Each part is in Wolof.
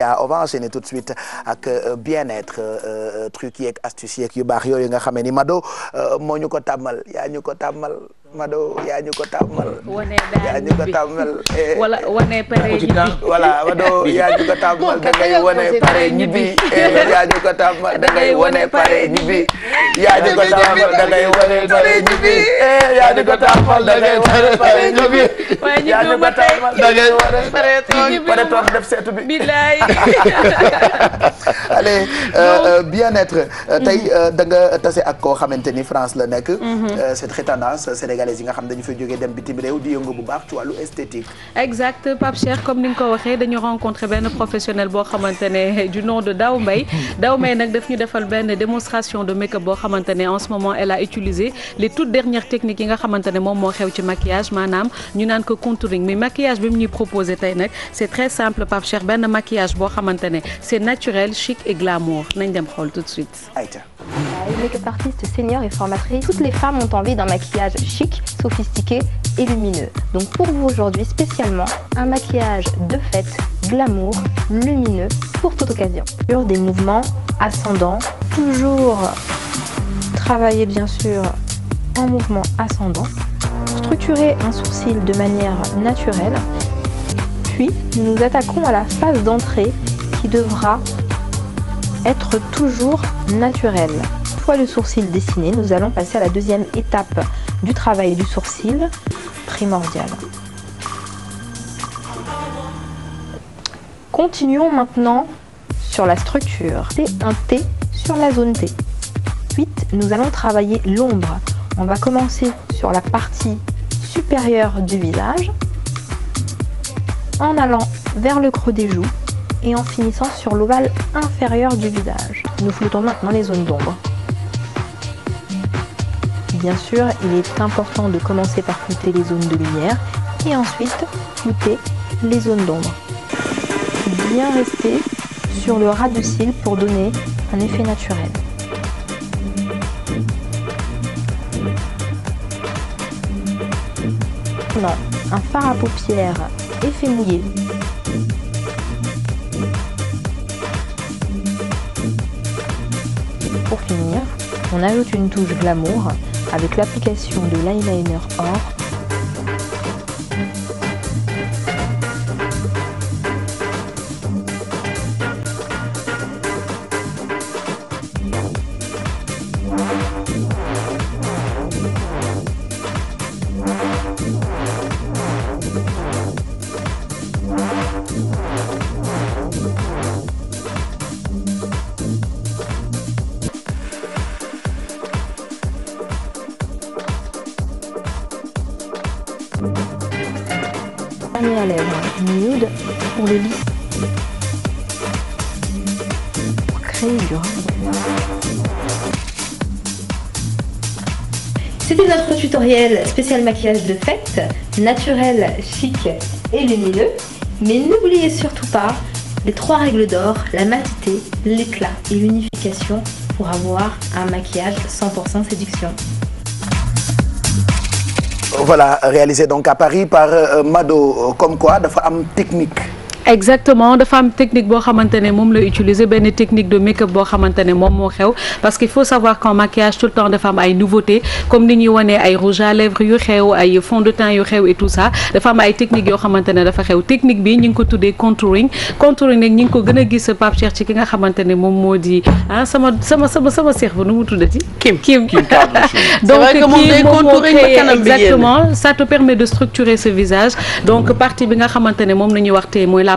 yaa on va enchaîner tout de suite ak euh, bien-être euh, euh, truc yeeg astuce yeeg yu baax yooyu nga xamee ni Mado moo ñu ko tàmmal yaa ñu ko tàmmal Mado yaa yaa ñu ko tàmmal. wane pare ñibbi. Eh, yaa ñu ko tàmmal da ngay wane pare ñibbi. yaa ñu ko tàmmal da wane pare ñibbi. Eh, yaa ñu ko tàmmal da wane pare ñibbi. yaa ñu ko tàmmal da wane pare ñibbi. yaa ñu ko tàmmal da wane pare toog pare toog def seetu bi. bilaay. Euh, euh, bien-être euh, tey mm-hmm. da tase ak koo xamante ni France la nekk. Mm-hmm. c'est très tendance sénégalaises yi nga xam dañu fay jógee dem bitim réew di yëngu bu baax ci wàllu esthétique. exact Pape Cheikh comme ni nga ko waxee dañu rencontré benn professionnel boo xamante ne du nom de Daw Mbaye Daw Mbaye nag defal benn démonstration de make boo xamante ne en ce moment elle a utilisé les toutes dernières techniques yi nga xamante ne moom moo xew ci maquillage maanaam ñu naan ko contouring mais maquillage bi mu ñuy proposé tey nag c'est très simple Pape Cheikh benn maquillage boo xamante ne c'est naturel chic et glamour nañ dem xool tout de suite. Make-up et formatrice, toutes les femmes ont envie d'un maquillage chic, sophistiqué et lumineux. Donc pour vous aujourd'hui spécialement, un maquillage de fête, glamour, lumineux pour toute occasion. Sur des mouvements ascendants, travailler bien sûr en mouvement ascendant, structurer un sourcil de manière naturelle, puis nous nous attaquons à la phase d'entrée qui devra être toujours naturelle. fois le sourcil dessiné, nous allons passer à la deuxième étape du travail du sourcil primordial. Continuons maintenant sur la structure. C'est un T sur la zone T. Ensuite, nous allons travailler l'ombre. On va commencer sur la partie supérieure du visage en allant vers le creux des joues et en finissant sur l'ovale inférieur du visage. Nous floutons maintenant les zones d'ombre. Bien sûr, il est important de commencer par flouter les zones de lumière et ensuite flouter les zones d'ombre. Bien rester sur le ras de cils pour donner un effet naturel. Non, un fard à paupières effet mouillé. Pour finir, on ajoute une touche glamour avec l'application de l'eyeliner or Thank you. Année à lèvres, nude pour le lisse. Pour C'était notre tutoriel spécial maquillage de fête, naturel, chic et lumineux. Mais n'oubliez surtout pas les trois règles d'or, la matité, l'éclat et l'unification pour avoir un maquillage séduction. voilà réalisé donc à Paris par euh, Mado euh, comme quoi dafa am technique exactement dafa am technique boo xamante moom moo xew parce qu'il faut savoir qu'en maquillage tout le temps dafa am ay nouveauté comme ni ñuy wanee ay rouge à lèvres yu xew ay fond de teint yu xew et tout ça dafa am ay technique yoo xamante dafa xew technique bi ñu ngi ko tuddee contouring contouring ñu ngi ko gën a gis Pape Cheikh ki nga xamante moom moo di ah, sama sama nu mu tuddati Kim Kim donc Kim moom moo créé exactement ça te permet de structurer ce visage mm.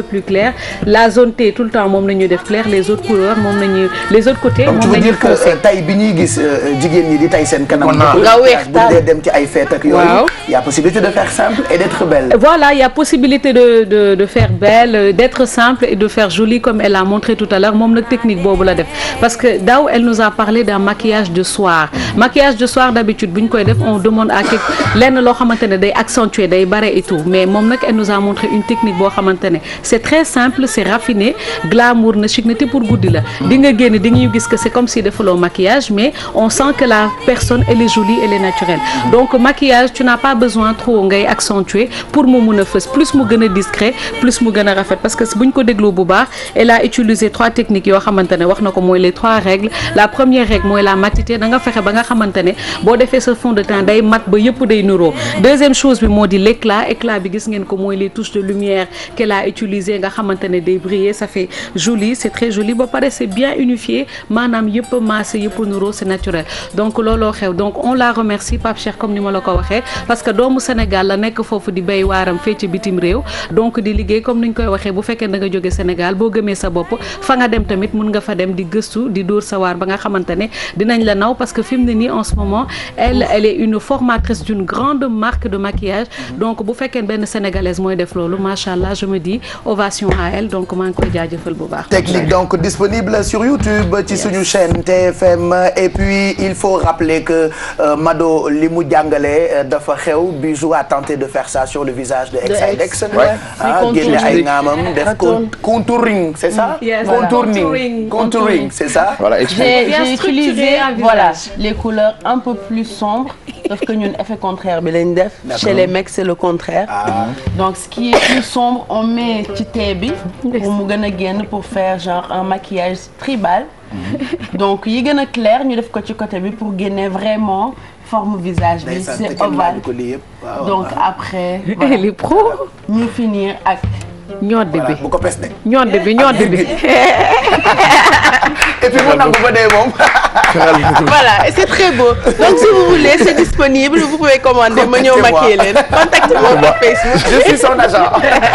peu plus clair la zone T tout le temps moom la def clair les autres couleurs moom la les autres côtés. tay euh, bi gis euh, jigéen ñi di tay seen kanam. nga weex taal dem ci ay fête ak yooyu. waaw a de faire simple et a possibilité de faire jolie comme elle a montré tout à l'heure moom nag technique boobu la def parce que daaw elle nous a parlé d'un maquillage de soir maquillage de soir d'habitude bu def on demande à quelque lenn loo xamante ne accentuer day bare et tout mais moom a c'est très simple c'est raffiné glamour na chic na te pour guddi la di nga génn gis que c'est comme si defaloo maquillage mais on sent que la personne elle est jolie elle naturelle donc maquillage tu n'as pas besoin trop ngay accentuer pour mu mun a fës plus mu gën a discret plus mu gën a rafet parce que buñ ko dégloo bu baax elle a trois techniques yoo xamante wax na ko mooy les trois règles la première règle mooy la matité da fexe customisé nga xamante ne day briller ça c'est très joli ba pare c'est bien unifié maanaam yëpp maase yëpp nuroo c'est naturel donc looloo xew donc on la remercie Pape Cheikh comme ni ma la ko waxee parce que doomu Sénégal la nekk foofu di béy waaram fee bitim réew donc di liggéey comme ni ñu koy waxee bu fekkee da nga jóge Sénégal boo gëmee sa bopp fa nga dem tamit mun nga fa dem di gëstu di dóor sa waar ba nga xamante ne dinañ la naw parce que fi mu ne nii en ce moment elle elle de maquillage donc bu ovation à elle donc maa ngi koy jaajëfal bu baax. technique donc disponible sur YouTube. ci suñu chaîne TFM et il faut rappeler que euh, Mado li mu jàngale euh, dafa xew Bijou a tenté de faire ça sur le visage de. de ex ah génne ay naamam def contouring c'est ça. Mm. contouring c'est ça. voilà les couleurs un peu plus sombres. sauf que ñun effet contraire bi lañ def. chez les mecs c'est le contraire. Ah. donc ce qui est plus sombre on met ci thé bi. mu gën a génn pour faire genre un maquillage tribal. Mhm. donc yi gën a clair ñu def ko ci côté bi pour génne vraiment forme visage bi. c'est ovale donc après. voilà les pros. finir ak. ñodd bi bu ko pes de. bi ñodd et puis mu nangu ba dee moom. voilà c'est très beau donc si vous voulez c'est disponible vous pouvez commander ma ñëw maquiller leen. contactez Facebook. je suis son agent.